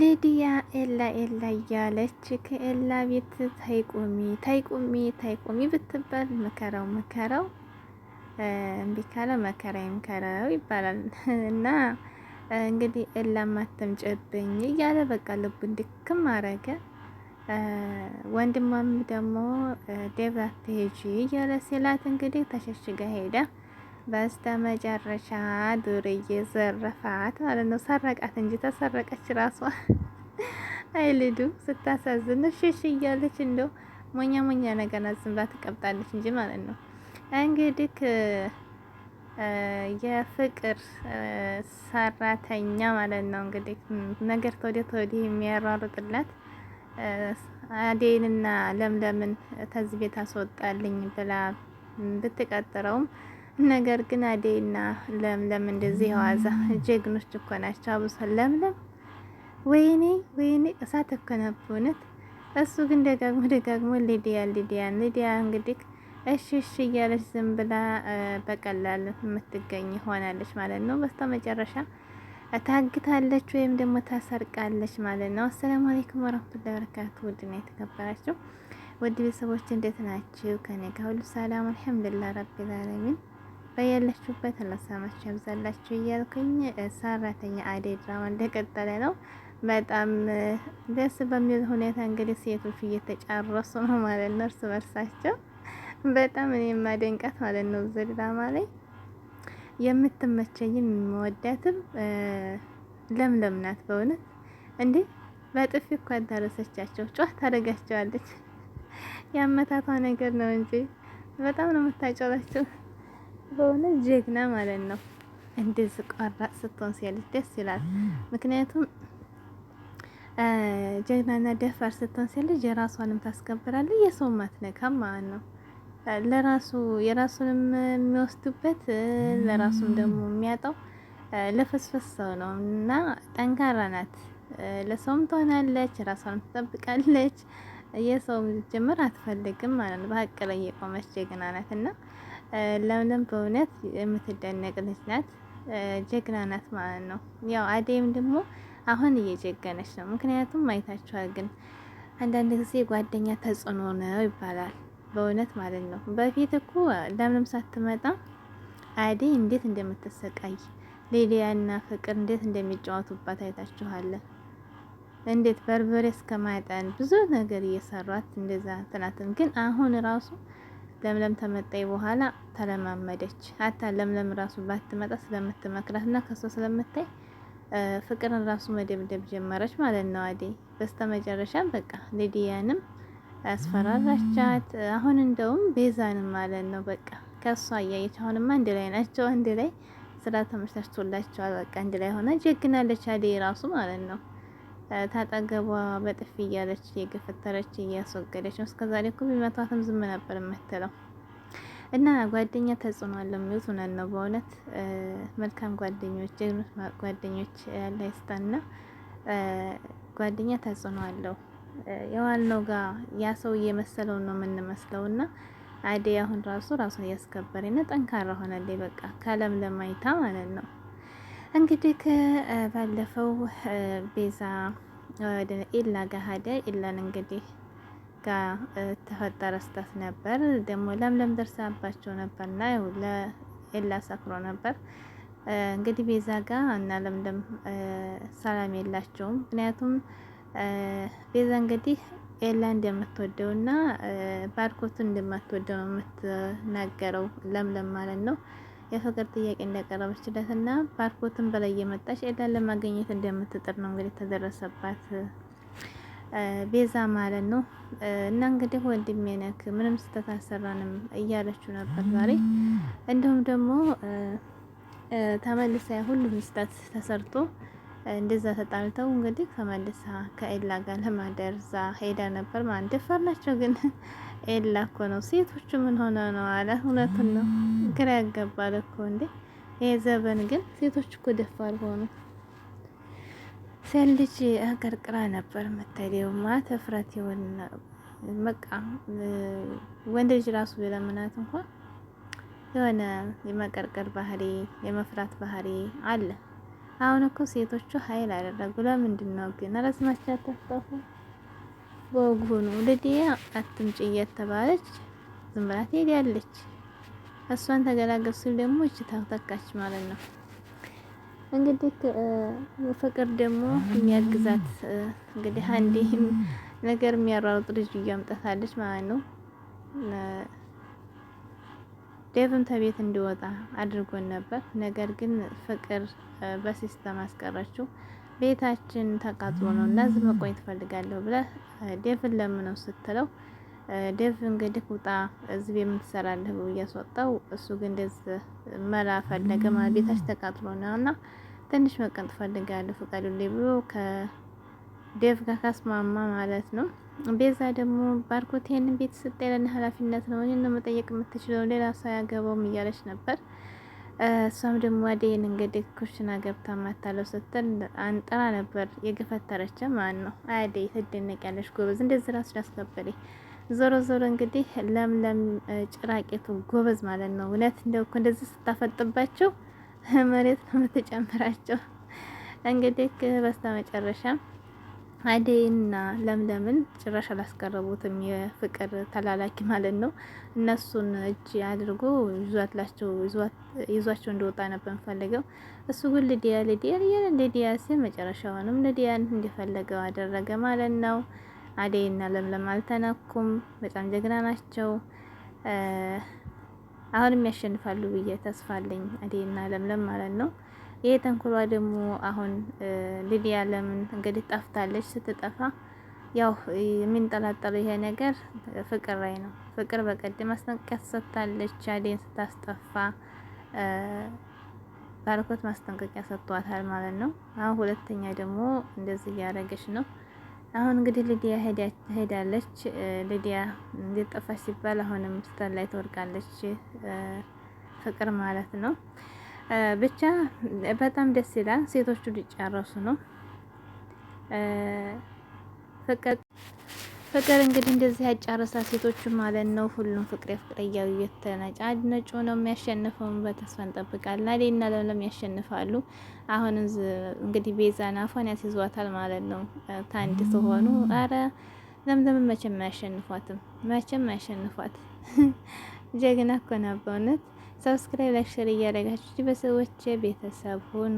ሊዲያ ኤላ ኤላ እያለች ከኤላ ቤት ታይቁሚ ታይቁሚ ታይቁሚ ብትባል መከራው መከራው እምቢ ካለ መከራ ይምከራው ይባላል። እና እንግዲህ ኤላ ማተምጨብኝ እያለ በቃ ልቡ እንድክም አረገ። ወንድሟም ደግሞ ደብራ ትሄጂ እያለ ሲላት እንግዲህ ተሸሽጋ ሄዳ። በስተ መጨረሻ ዱርዬ ዘረፋት ማለት ነው። ሰረቃት እንጂ ተሰረቀች ራሷ። አይ ልዱ ስታሳዝን፣ ሽሽ እያለች እንደው ሞኛ ሞኛ ነገር ዝም ትቀብጣለች እንጂ ማለት ነው። እንግዲህ የፍቅር ሰራተኛ ማለት ነው። እንግዲህ ነገር ተወዲህ ተወዲህ የሚያሯሩጥላት አዴንና ለምለምን ተዝቤት አስወጣልኝ ብላ ብትቀጥረውም ነገር ግን አደይና ለምለም እንደዚህ የዋዛ ጀግኖች እኮ ናቸው። አብሶ ለምለም ወይኔ ወይኔ እሳት እኮ ነው እሱ ግን ደጋግሞ ደጋግሞ ሊዲያ ሊዲያን ሊዲያ እንግዲህ እሺ እሺ እያለች ዝም ብላ በቀላል የምትገኝ ሆናለች ማለት ነው። በስተ መጨረሻ ታግታለች ወይም ደግሞ ታሰርቃለች ማለት ነው። አሰላሙ አለይኩም ወራህመቱላሂ ወበረካቱ። ውድና የተከበራችሁ ውድ ቤተሰቦች እንዴት ናችሁ? ከኔ ጋር ሁሉ ሰላም አልሐምዱሊላህ ረቢል ዓለሚን በያላችሁበት መሰማችሁ ያብዛላችሁ እያልኩኝ ሰራተኛ አደይ ድራማ እንደቀጠለ ነው። በጣም ደስ በሚል ሁኔታ እንግዲህ ሴቶች እየተጫረሱ ነው ማለት ነው እርስ በርሳቸው። በጣም እኔ የማደንቃት ማለት ነው እዚህ ድራማ ላይ የምትመቸኝም የምወዳትም ለምለም ናት። በእውነት እንዴ በጥፊ እኮ አዳረሰቻቸው፣ ጮህ ታደርጋቸዋለች። ያመታቷ ነገር ነው እንጂ በጣም ነው የምታጨራቸው። በእውነት ጀግና ማለት ነው። እንደዚህ ቆራጥ ስትሆን ሴት ደስ ይላል። ምክንያቱም ጀግናና ደፋር ስትሆን ሴት ልጅ የራሷንም ታስከብራለች፣ የሰውም አትነካም ማለት ነው። ለራሱ የራሱንም የሚወስዱበት ለራሱም ደግሞ የሚያጣው ለፈስፈስ ሰው ነው እና ጠንካራ ናት። ለሰውም ትሆናለች፣ ራሷንም ትጠብቃለች፣ የሰውም ጅምር አትፈልግም ማለት ነው። በሀቅ ላይ የቆመች ጀግና ናት እና ለምለም በእውነት የምትደነቅ ልጅ ናት፣ ጀግና ናት ማለት ነው። ያው አደይም ደግሞ አሁን እየጀገነች ነው። ምክንያቱም አይታችኋል። ግን አንዳንድ ጊዜ ጓደኛ ተጽዕኖ ነው ይባላል። በእውነት ማለት ነው። በፊት እኮ ለምለም ሳትመጣ አደይ እንዴት እንደምትሰቃይ ሌሊያና ፍቅር እንዴት እንደሚጫወቱባት አይታችኋል። እንዴት በርበሬ እስከማጠን ብዙ ነገር እየሰሯት እንደዛ ትናትን ግን አሁን ራሱ ለምለም ተመጣይ በኋላ ተለማመደች። አታ ለምለም ራሱ ባትመጣ ስለምትመክራት እና ከሷ ስለምታይ ፍቅርን ራሱ መደብደብ ጀመረች ማለት ነው። አዴ በስተመጨረሻ በቃ ሊዲያንም አስፈራራቻት። አሁን እንደውም ቤዛንም ማለት ነው በቃ ከሷ አያየች አሁንማ አንድ ላይ ናቸው፣ አንድ ላይ ስራ ተመቻችቶላቸዋል። በቃ አንድ ላይ ሆና ጀግናለች አዴ ራሱ ማለት ነው። ታጠገቧ በጥፊ እያለች እየገፈተረች እያስወገደች ነው። እስከዛሬ እኮ ቢመቷትም ዝም ነበር የምትለው እና ጓደኛ ተጽዕኖ አለው የሚሉት እውነት ነው። በእውነት መልካም ጓደኞች፣ ጓደኞች ያለ ይስጠና። ጓደኛ ተጽዕኖ አለው። የዋልነው ጋር ያ ሰው እየመሰለው ነው የምንመስለው እና አዴ አሁን ራሱ ራሱን እያስከበረ እና ጠንካራ ሆነልኝ። በቃ ከለም ለማይታ ማለት ነው። እንግዲህ ከባለፈው ቤዛ ወደ ኢላ ጋ ሄደ። ኢላን እንግዲህ ጋ ተፈጠረ ስህተት ነበር። ደግሞ ለምለም ደርሳባቸው ነበርና ለኢላ ሰክሮ ነበር። እንግዲህ ቤዛ ጋ እና ለምለም ሰላም የላቸውም። ምክንያቱም ቤዛ እንግዲህ ኤላ እንደምትወደው እና ባርኮቱን እንደማትወደው ነው የምትናገረው ለምለም ማለት ነው። የፍቅር ጥያቄ እንዳቀረበችለት እና ባርኮትን በላይ የመጣች ኤላን ለማገኘት እንደምትጥር ነው እንግዲህ ተደረሰባት ቤዛ ማለት ነው። እና እንግዲህ ወንድሜ ነክ ምንም ስህተት አልሰራንም እያለችው ነበር ዛሬ። እንዲሁም ደግሞ ተመልሳ ሁሉም ስህተት ተሰርቶ እንደዛ ተጣልተው እንግዲህ ከመልሳ ከኤላ ጋር ለማደር እዛ ሄዳ ነበር። ማን ደፋር ግን ኤላ እኮ ነው። ሴቶቹ ምን ሆነ ነው አለ። እውነቱን ነው፣ ግራ ያጋባል እኮ እንዴ ይሄ ዘበን። ግን ሴቶች እኮ ደፋር ሆኑ። ሴት ልጅ አቀርቅራ ነበር መታየው ማ እፍረት ይሆን በቃ ወንድ ልጅ ራሱ ቢለምናት እንኳን የሆነ የመቀርቀር ባህሪ የመፍራት ባህሪ አለ። አሁን እኮ ሴቶቹ ኃይል አደረጉ። ለምንድን ነው ግን አረስማቻ ተፈጠፉ ልድያ እየተባለች ዝም ብላ ትሄዳለች። እሷን ተገላገል ሲል ደግሞ እቺ ታተካች ማለት ነው። እንግዲህ ፍቅር ደግሞ የሚያግዛት እንግዲህ አንዴ ነገር የሚያሯሩጥ ልጅ እያመጣታለች ማለት ነው። ዴቭም ተቤት እንዲወጣ አድርጎን ነበር። ነገር ግን ፍቅር በሲስተም አስቀረችው። ቤታችን ተቃጥሎ ነው እና እዚህ መቆየት እፈልጋለሁ ብለህ ዴቭን ለምነው ስትለው ዴቭ እንግዲህ ውጣ እዚህ የምትሰራለህ ብሎ እያስወጣው፣ እሱ ግን እንደዚህ መላ ፈለገ። ቤታችን ተቃጥሎ ነው እና ትንሽ መቀን ትፈልጋለሁ ፍቃዱ ብሎ ከ ዴቭ ጋር ካስማማ ማለት ነው። ቤዛ ደግሞ ባርኮት ይሄንን ቤት ስጥ ያለን ኃላፊነት ነው እኔ ነው መጠየቅ የምትችለው ሌላ ሰው ያገባውም እያለች ነበር። እሷም ደግሞ አደይን እንግዲህ ኩሽና ገብታ ማታለው ስትል አንጠራ ነበር የገፈተረች ማን ነው አደይ። ትደነቂያለሽ ጎበዝ፣ እንደዚህ እራስሽን አስከበሪ። ዞሮ ዞሮ እንግዲህ ለምለም ጭራቄቱ ጎበዝ ማለት ነው። እውነት እንደው እኮ እንደዚህ ስታፈጥባቸው መሬት ነው የምትጨምራቸው። እንግዲህ በስተ መጨረሻ አደይና ለምለምን ጭራሽ አላስቀረቡትም። የፍቅር ተላላኪ ማለት ነው። እነሱን እጅ አድርጎ ይዟትላቸው ይዟቸው እንደወጣ ነበር የምፈልገው። እሱ ግን ልዲያ ልዲያ ልያ ልዲያ ሲል መጨረሻውንም ልዲያን እንደፈለገው አደረገ ማለት ነው። አደይና ለምለም አልተነኩም በጣም ጀግና ናቸው። አሁንም ያሸንፋሉ ብዬ ተስፋ አለኝ። አደይና ለምለም ማለት ነው። ይሄ ተንኮሏ ደግሞ አሁን ሊዲያ ለምን እንግዲህ ጠፍታለች። ስትጠፋ ያው የሚንጠላጠለው ይሄ ነገር ፍቅር ላይ ነው። ፍቅር በቀደም ማስጠንቀቂያ ሰጥታለች። አዴን ስታስጠፋ ባርኮት ማስጠንቀቂያ ሰጥቷታል ማለት ነው። አሁን ሁለተኛ ደግሞ እንደዚህ እያደረገች ነው። አሁን እንግዲህ ሊዲያ ሄዳለች። ሊዲያ እንደጠፋች ሲባል አሁንም ስተን ላይ ትወድቃለች። ፍቅር ማለት ነው። ብቻ በጣም ደስ ይላል። ሴቶቹ ሊጨረሱ ነው። ፍቅር እንግዲህ እንደዚህ ያጫረሳ ሴቶቹ ማለት ነው። ሁሉም ፍቅር ፍቅር እያሉ እየተነጫነጩ ነው። የሚያሸንፈውን በተስፋ እንጠብቃለን። አዴና ለምለም ያሸንፋሉ። አሁን እንግዲህ ቤዛን አፏን ያስይዟታል ማለት ነው። ታንድ ሲሆኑ አረ ለምለም መቼም አያሸንፏትም፣ መቼም አያሸንፏት። ጀግና እኮ ሰብስክራይብ፣ ላይክ፣ ሸር እያደረጋችሁ በሰዎች ቤተሰብ ሆኖ